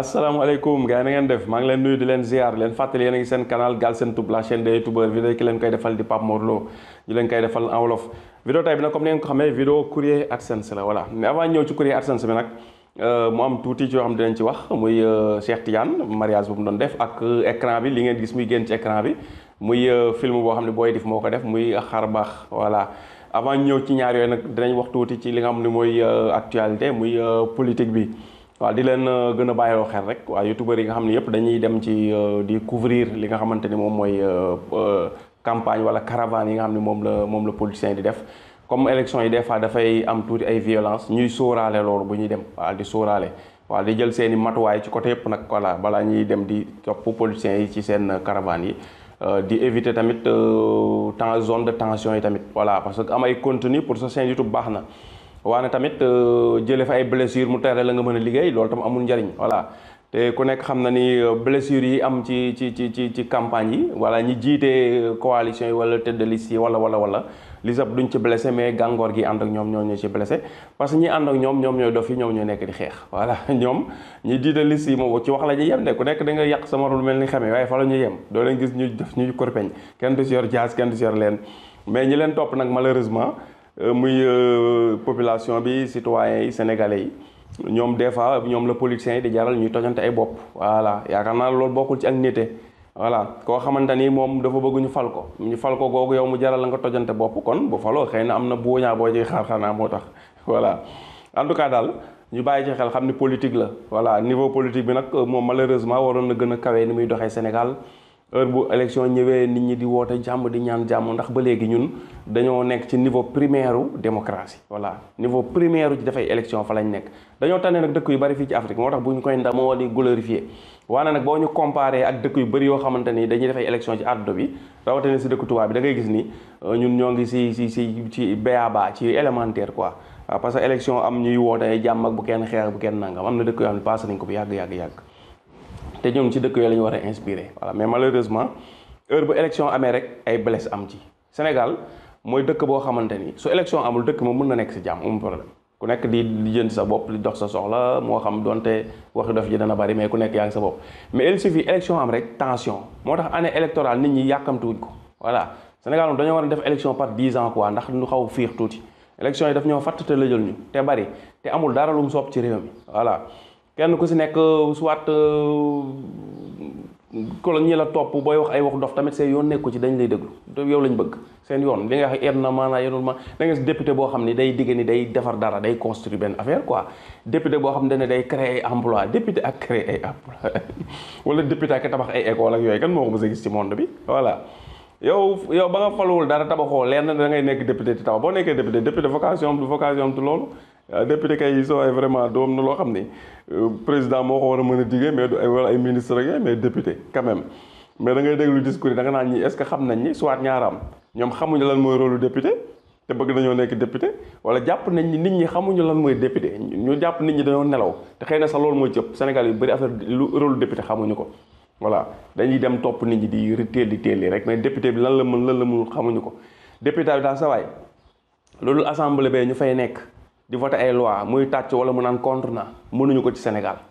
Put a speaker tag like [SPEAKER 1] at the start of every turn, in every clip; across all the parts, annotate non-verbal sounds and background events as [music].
[SPEAKER 1] asalaamaaleykum gars yi na ngeen def maa ngi leen nuyu di leen ziar leen fàttali yéen a seen canal Galsen Tube la chaîne des youtubeurs vidéo ki leen koy defal di Pape Mor Lo ñu leen koy defal en wolof vidéo bi nag comme ni ngeen ko xamee vidéo courrier AdSense la voilà mais avant ñëw ci courrier AdSense bi nag euh, mu am tuuti ci yoo xam dinañ ci wax muy euh, Cheikh Tidiane mariage bu mu doon def ak euh, écran bi li ngeen gis muy génn ci écran bi muy film boo xam ne booy def moo ko def muy xar baax voilà avant ñëw ci ñaar yooyu nag dinañ wax tuuti ci li nga xam ne mooy actualité muy politique bi waaw di leen euh, gën a bàyyoo xel rek waa youtubeurs yi nga xam ne yëpp dañuy dem ci euh, di couvrir li nga xamante ni moom mooy euh, campagne wala caravane yi nga xam ne moom la moom la politiciens di def comme élection yi des fois dafay am tuuti ay violence ñuy sóoraale loolu bu ñuy dem waaw di sóoraale waa di jël seen i matuwaay ci côté yëpp nag voilà balaa ñuy dem di topp politiciens yi ci seen caravane yi di éviter tamit temps zone de tension yi tamit voilà parce que am ay contenu pour sa chaîne YouTube na waane tamit euh, jëlee fa ay blessure mu tere la nga mën a liggéey loolu tam amul njariñ voilà te ku nekk xam na ni euh, blessure yi am ci ci ci ci ci campagne yi wala ñi jiite euh, coalition yi wala tête de yi wala wala wala li ci blessé mais gàngoor gi ànd ak ñoom ñoo ñu ci parce que ñi ànd ak ñoom ñoom ñooy dof yi ñoom ñooy nekk di xeex voilà [laughs] ñoom ñi jiite liste yi moom ci wax la ñuy yem de ku nekk da nga yàq sama rôle mel ni xamee waaye fa la yem doo leen gis ñu def ñuy korpeñ kenn du si yor jaas kenn du si leen mais ñi leen topp nag malheureusement Euh, muy euh, population bi citoyens yi sénégalais yi ñoom des fois ñoom la politiciens yi di jaral ñuy tojante ay bopp voilà yaakaar naa loolu bokkul ci ak nite voilà koo xamante ni moom dafa bëgg ñu fal ko ñu fal ko googu yow mu jaral la nga tojante bopp kon bu faloo xëy na am na buuñaa boo ci xaar xanaa moo tax [laughs] voilà en tout cas daal ñu bàyyi ci xel xam ni politique la voilà niveau politique bi nag euh, moom malheureusement waroon na gën a kawe ni muy doxee Sénégal heure bu élection ñëwee nit ñi di woote jàmm di ñaan jàmm ndax ba léegi ñun dañoo nekk ci niveau primaire u démocratie voilà niveau primaire u ci dafay élection fa lañ nekk dañoo tànnee nag dëkk yu bari fii ci Afrique moo tax bu ñu koy ndamoo di glorifier waane nag boo ñu comparé ak dëkk yu bëri yoo xamante ni dañuy defay élection ci àdduna bi rawatina si dëkk tubaab bi da ngay gis ni euh, ñun ñoo ngi si si si ci béaba ci elementaire quoi ah, parce que élection am ñuy woote jàmm ak bu kenn xeex bu kenn nangam am na dëkk yoo xam ne passé nañ ko bu yàgg-yàgg-yàgg te ñoom ci dëkk yooyu la ñu war a inspiré mais malheureusement heure bu amee rek ay blesse am ci Sénégal mooy dëkk boo xamante ni su élection amul dëkk moom mën na nekk si jàmm amul problème ku nekk di lijjanti sa bopp di dox sa soxla moo xam donte waxi dof ji dana bari mais ku nekk yaa ngi sa bopp mais il suffit élection am rek tension moo tax année électorale nit ñi wuñ ko voilà Sénégal moom dañoo war a def élection par 10 ans quoi ndax ñu xaw fiir tuuti élection yi daf ñoo fàtt te lëjal ñu te bari te amul dara lu mu soob ci réew mi voilà kenn ku si nekk euh, soit euh, colonie la topp booy wax ay wax dof tamit seen yoon nekku ci dañ lay déglu yow lañ bëgg seen yoon li nga wax en na maanaa yenul ma da nga si député boo xam ni day digg ni day defar dara day construire benn affaire quoi député boo xam ne day créer ay emploi député ak créer ay emploi [laughs] wala député ak tabax ay école ak yooyu kan moo ko mës a gis ci monde bi voilà yow yow ba nga faluwul dara tabaxoo leer na da ngay nekk député di tabax boo nekkee député député vocation du vocation du loolu député kay soo ay vraiment doom na loo xam ni euh, président moo ko war a mën a diggee mais du ay wala ay ministre ak mais député quand même mais da ngay déglu discours yi nga naan ñi est-ce que xam nañ ni soit ñaaraam ñoom xamuñu lan mooy rôle député te bëgg nañoo nekk député wala jàpp nañ ni nit ñi xamuñu lan mooy député ñu jàpp nit ñi dañoo nelaw te xëy na sax loolu mooy cëpp Sénégal yu bëri affaire lu rôle député xamuñu ko voilà dañuy dem topp nit ñi di téel di téel rek mais député bi lan la mën lan la mënul xamuñu ko député bi daal sa waay loolu assemblée bee ñu fay nekk di voté ay loi muy tàcc wala mu naan contre na mënuñu ko ci Sénégal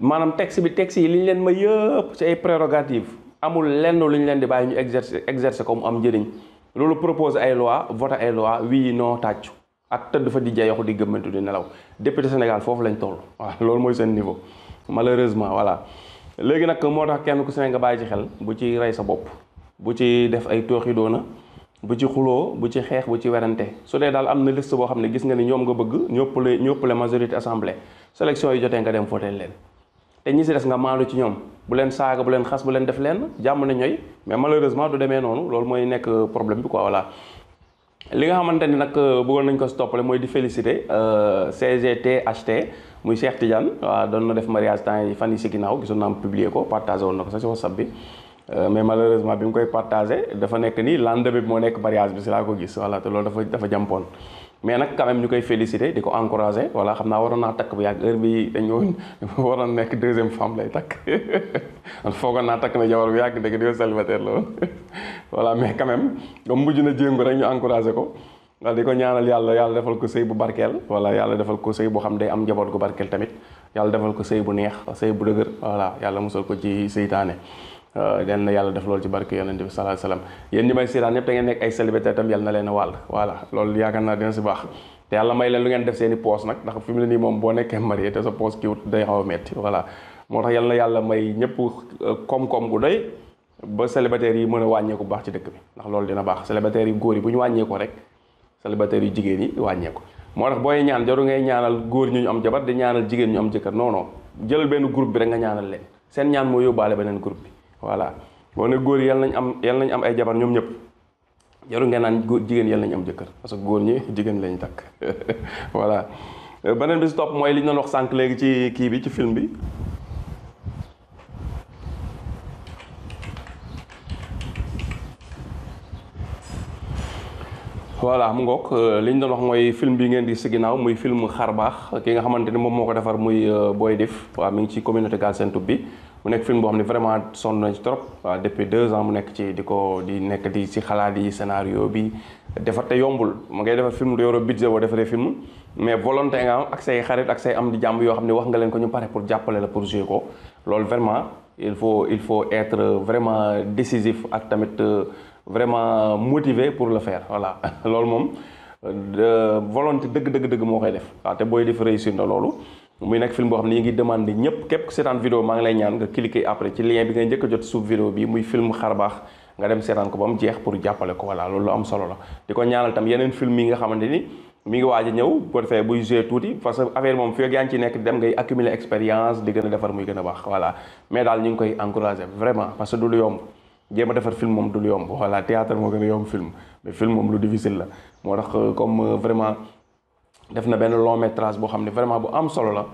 [SPEAKER 1] maanaam texte bi texte yi liñ leen ma yëpp ci ay prérogative amul lenn lu ñu leen di bàyyi ñu exercer exercer ko mu am njëriñ loolu propose ay loi voté ay loi wii noo tàccu ak tëdd fa di jeexu di gëmmantu di nelaw député Sénégal foofu lañ toll waa [laughs] loolu mooy seen niveau malheureusement voilà léegi nag moo tax kenn ku si ne nga bàyyi ci xel bu ci rey sa bopp bu ci def ay tooxi doona bu ci xuloo bu ci xeex bu ci werante su dee daal am na liste boo xam ne gis nga ni ñoom nga bëgg ñopp ñoppale ñoppale majorité assemblée selection yi jotee nga dem voté leen te ñi si des nga maalu ci ñoom bu leen saaga bu leen xas bu leen def leen jàmm na ñooy mais malheureusement du demee noonu loolu mooy nekk euh, problème bi quoi voilà. li nga xamante ni nag euh, bëggoon nañ ko si toppale mooy di féliciter euh, CGTHT muy Cheikh Tidiane waaw doon na def mariage temps yi fan si ginnaaw gisoon naa am publier ko partagé woon na ko sax si bi. Euh, mais malheureusement bi mu koy partagé dafa nekk nii lendemain moo nekk mariage bi si laa ko gis voilà te loolu dafa dafa jàmpoon mais nag quand ñu koy félicité di ko encouragé voilà xam naa waroon naa takk bu yàgg heure bi dañoo [laughs] waroon nekk deuxième femme lay takk man [laughs] foogoon naa takk na jabar bu yàgg dëgg di célibataire la woon [laughs] voilà mais quand même comme mujj na jéngu rek ñu encouragé ko wala di ko ñaanal yàlla yàlla defal ko sëy bu barkeel voilà yàlla defal ko sëy boo xam day am njaboot ko barkeel tamit yàlla defal ko sëy bu neex sëy bu dëgër voilà yàlla musal ko ci seytaane Euh, yal na yàlla def loolu ci barke yonent bi sallallahu alayhi wasallam yéen ñi may seetaan ñëpp da ngeen nekk ay célibataire tam yal na leen wàll voilà loolu yaakaar naa dina si baax te yàlla may leen lu ngeen def seen poos nag ndax fi mu nii moom boo nekkee marié te sa poos kiwut day xaw a metti voilà moo tax yal yàlla may ñëpp euh, koom-koom gu doy ba célibataire yi mën a wàññeeku baax ci dëkk bi ndax loolu dina baax célibataire yi góor yi bu ñu wàññeeku rek célibataire yu jigéen yi wàññeeku moo tax booy ñaan jaru ngay ñaanal góor ñu am jabar di ñaanal jigéen ñu am jëkkër non non jëlal benn groupe bi rek nga ñaanal leen seen ñaan moo bi voilà boo góor yal nañ am yàlla nañ am ay jabar ñoom ñëpp jarul ngeen naan góor jigéen yàlla nañ am jëkkër parce que góor ñi [laughs] jigéen lañ takk [laughs] voilà euh, beneen bi si topp mooy li ñu doon wax sànq léegi ci kii bi ci film bi voilà mu euh, li ñu doon wax mooy film bi ngeen di si ginnaaw muy film xar baax ki nga xamante ni moom moo ko defar muy euh, Boy Def waaw mi ngi ci communauté Galsen Tube bi mu nekk film boo xam ne vraiment son nañ ci trop euh, depuis deux ans mu nekk ci di ko di nekk di si xalaat yi scénario bi defar te yombul mu ngay defar film du yoroo budget boo defaree film mais volonté nga am ak say xarit ak say am di jàmm yoo xam ne wax nga leen ko ñu pare pour jàppale la pour jouer ko loolu vraiment il faut il faut être vraiment décisif ak tamit euh, vraiment motivé pour le fair voilà [laughs] loolu moom euh, volonté dëgg dëgg dëgg moo koy def waaw booy def réussir na loolu muy nekk film boo xam ne yi ngi demandé ñëpp képp seetaan vidéo maa ngi lay ñaan nga cliquer après ci lien bi ngay njëkk a jot suuf vidéo bi muy film xarbaax nga dem seetaan ko ba mu jeex pour jàppale ko voilà loolu am solo la di ko ñaanal tam yeneen film yi nga xamante ni mi ngi waaj ñëw buy joué tuuti parce que affaire moom fekk yaa ngi ci nekk dem ngay accumuler expérience di gën a defar muy gën a baax voilà mais daal ñu ngi koy encouragé vraiment def na benn long métrage boo xam ne vraiment bu am solo la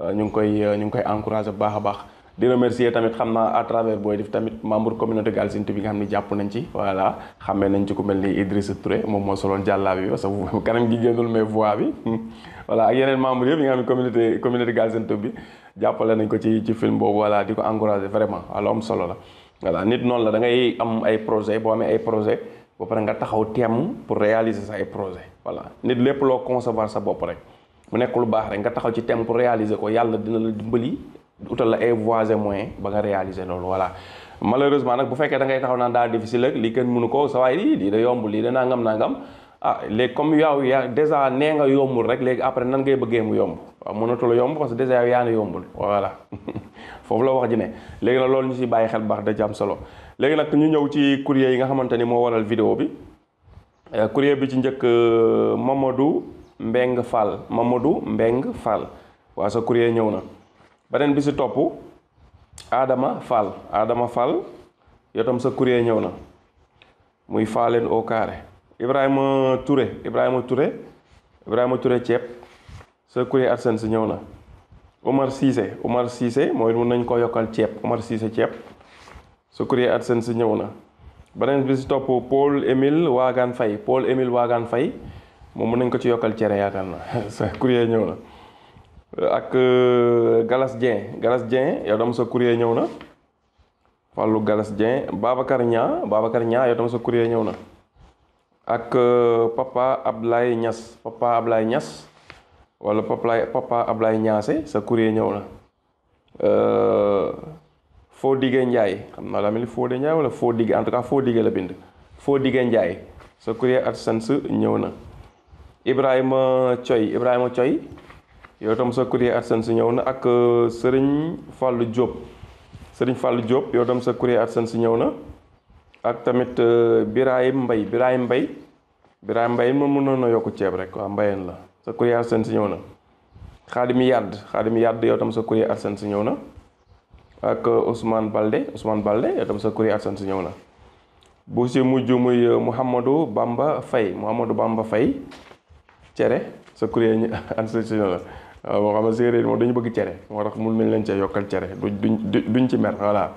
[SPEAKER 1] euh, ñu ngi koy euh, ñu ngi koy encouragé bu baax a baax di remercier tamit xam naa à travers booy def tamit membre communauté Galsen Tube bi nga xam ne jàpp nañ ci voilà xamee nañ ci ku mel ni Idrissa Touré moom moo soloon jàllaa bi parce [laughs] gi génnul mais voix bi [laughs] voilà ak yeneen membre yi nga xam ne communauté bi jàppale nañ ko ci ci film voilà di ko encouragé vraiment wala am solo la voilà nit noonu la da ngay am ay projet boo amee ay projet ba pare nga taxaw temm pour réaliser sa ay projet voilà nit lépp loo concevoir sa bopp rek mu nekk lu baax rek nga taxaw ci temm pour réaliser ko yàlla dina la dimbali utal la ay voies et ba nga réaliser loolu voilà malheureusement nag bu fekkee da ngay taxaw naan daal difficile rek lii kenn mënu ko sa waay lii lii da yomb lii naa da nangam nangam ah léegi comme yow yaa dèjà nee nga yombul rek léegi après nan ngay bëggee mu yomb waaw mënatu la yomb parce que yombul voilà [laughs] foofu la wax ji ne léegi nag loolu si bàyyi xel baax da ci am solo léegi nag ñu ñëw ci courrier yi nga xamante ni moo waral vidéo bi euh, courrier bi ci njëkk euh, Mamadou Mbeng Fall Mamadou Mbeng Fall waa sa courrier ñëw na beneen bi si topp Adama Fall Adama Fall yow tam sa courrier ñëw na muy Fallen au carré Ibrahima Touré Ibrahima Touré Ibrahima Touré ceeb sa courrier AdSense ñëw na Omar Cissé Omar Cissé mooy mun nañ ko yokkal ceeb Omar Cissé ceeb sa Sucré si ñëw na beneen bi si topp Paul Émile Wagan Faye Paul Émile Wagan Faye moom mën nañ ko ci yokkal cere yaakaar naa sa [laughs] courrier ñëw na ak euh, Galas sa courrier ñëw na Fallou Galas Dieng Babacar Niang Babacar Niang yow tam sa courrier ñëw na ak euh, Papa Ablaye Niass Papa Ablaye Niass wala Papa Papa Ablaye Niassé sa courrier ñëw na euh, Fodigué Ndiaye xam naa daa mel ni Fodé Ndiaye wala Fodigué en tout cas Fodigué la bind Fodigué Ndiaye sa courrier AdSense ñëw na Ibrahima Coy Ibrahima Coy yow tam sa courrier AdSense ñëw na ak euh, Serigne Fallou Diop Serigne Fallou Diop yow tam sa courrier AdSense ñëw na ak tamit euh, Birahim Mbay Birahim Mbay Birahim Mbay moom mënoon na yokk ceeb rek waa mbayeen la sa courrier AdSense ñëw na Xaadimi Yàdd Xaadimi Yàdd yow tam sa courrier AdSense ñëw na ak euh, Ousmane Balde Ousmane Balde tam sa Kouri Assane si ñëw la bu si mujj muy euh, Mouhamadou Bamba Faye Mouhamadou Bamba Faye cere sa Kouri Assane [laughs] si ñëw na ah, moo xam ne séeréer moom dañu bëgg cere moo tax mun nañ leen cee yokkal cere duñ duñ ci mer voilà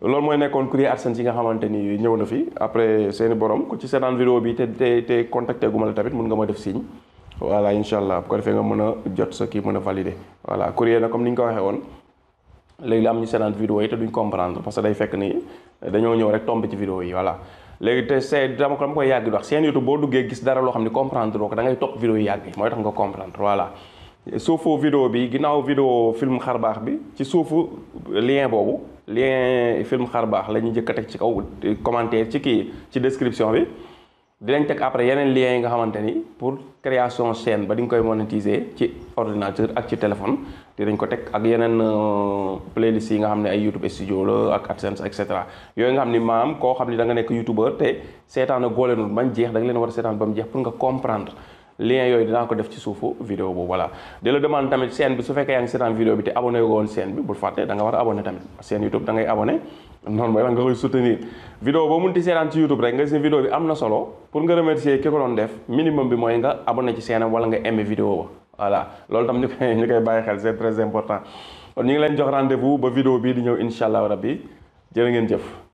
[SPEAKER 1] loolu mooy nekkoon courrier AdSense yi nga xamante ni ñëw na fi après seeni borom ku ci seetaan vidéo bi te te te contacté gu ma la tamit mun nga ma def signe voilà incha allah bu ko defee nga mën a jot sa kii mën a validé voilà courrier na comme ni ñu ko waxee woon léegi am ñu seetaan vidéo yi te duñ comprendre parce que day fekk ni dañoo ñëw rek tombe ci vidéo yi voilà léegi te see dama ko dama koy yàgg di wax seen YouTube boo duggee gis dara loo xam ni comprendre loo ko da ngay topp vidéo yi yàgg yi mooy tax nga comprendre voilà suufu vidéo bi ginnaaw vidéo film xar baax bi ci suufu lien boobu lien film xar baax la ñuy njëkk a teg ci kaw commentaire ci kii ci description bi di dinañ teg après yeneen liens yi nga xamante ni pour création chaîne ba di nga koy monétiser ci ordinateur ak ci téléphone dinañ ko teg ak yeneen euh, playlist yi nga xam ne ay YouTube studio la ak AdSense et cetera yooyu nga xam ni maam koo xam ni da nga nekk youtubeur te seetaan a góoleenu bañ jeex da leen war a seetaan ba mu jeex pour nga comprendre lien yooyu dinaa ko def ci suufu vidéo boobu voilà di la demande tamit chaîne bi su fekkee yaa ngi seetaan vidéo bi te abonné ko woon chaîne bi bul fàtte da war a abonné tamit chaîne YouTube da ngay noonu mooy la nga koy soutenir boo munti seetaan ci YouTube rek nga bi am na solo pour nga remercier ki ko doon def minimum mooy nga abonné ci chaîne wala nga aimé vidéo ba voilà loolu tam ñu koy [laughs] ñu koy bàyyi xel c'est très important kon ñu leen jox rendez-vous ba vidéo bii di ñëw incha allah rabbi jërë ngeen jëf